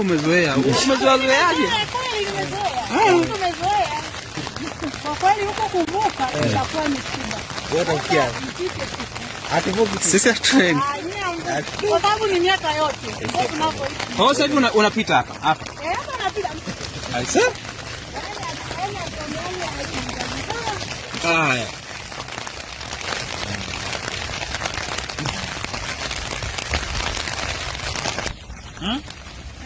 Umezoea. Umezoea zoeaje? Ah, eh. Kwa kweli huko kuvuka eh. itakuwa ni shida. Sisi hatuendi. Ah, Kwa sababu ni miaka yote. Kwa sasa hivi unapita hapa hapa. Eh, hapa napita. Aisee. Haya. Hmm?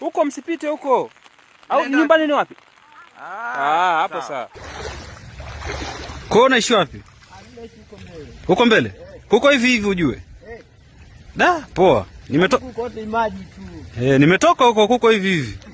huko msipite huko, au nyumbani ni wapi? Ah, ah hapo sawa. Kwa unaishi wapi? Huko mbele huko hivi hivi, ujue da poa, nimetoka huko eh, huko hivi hivi.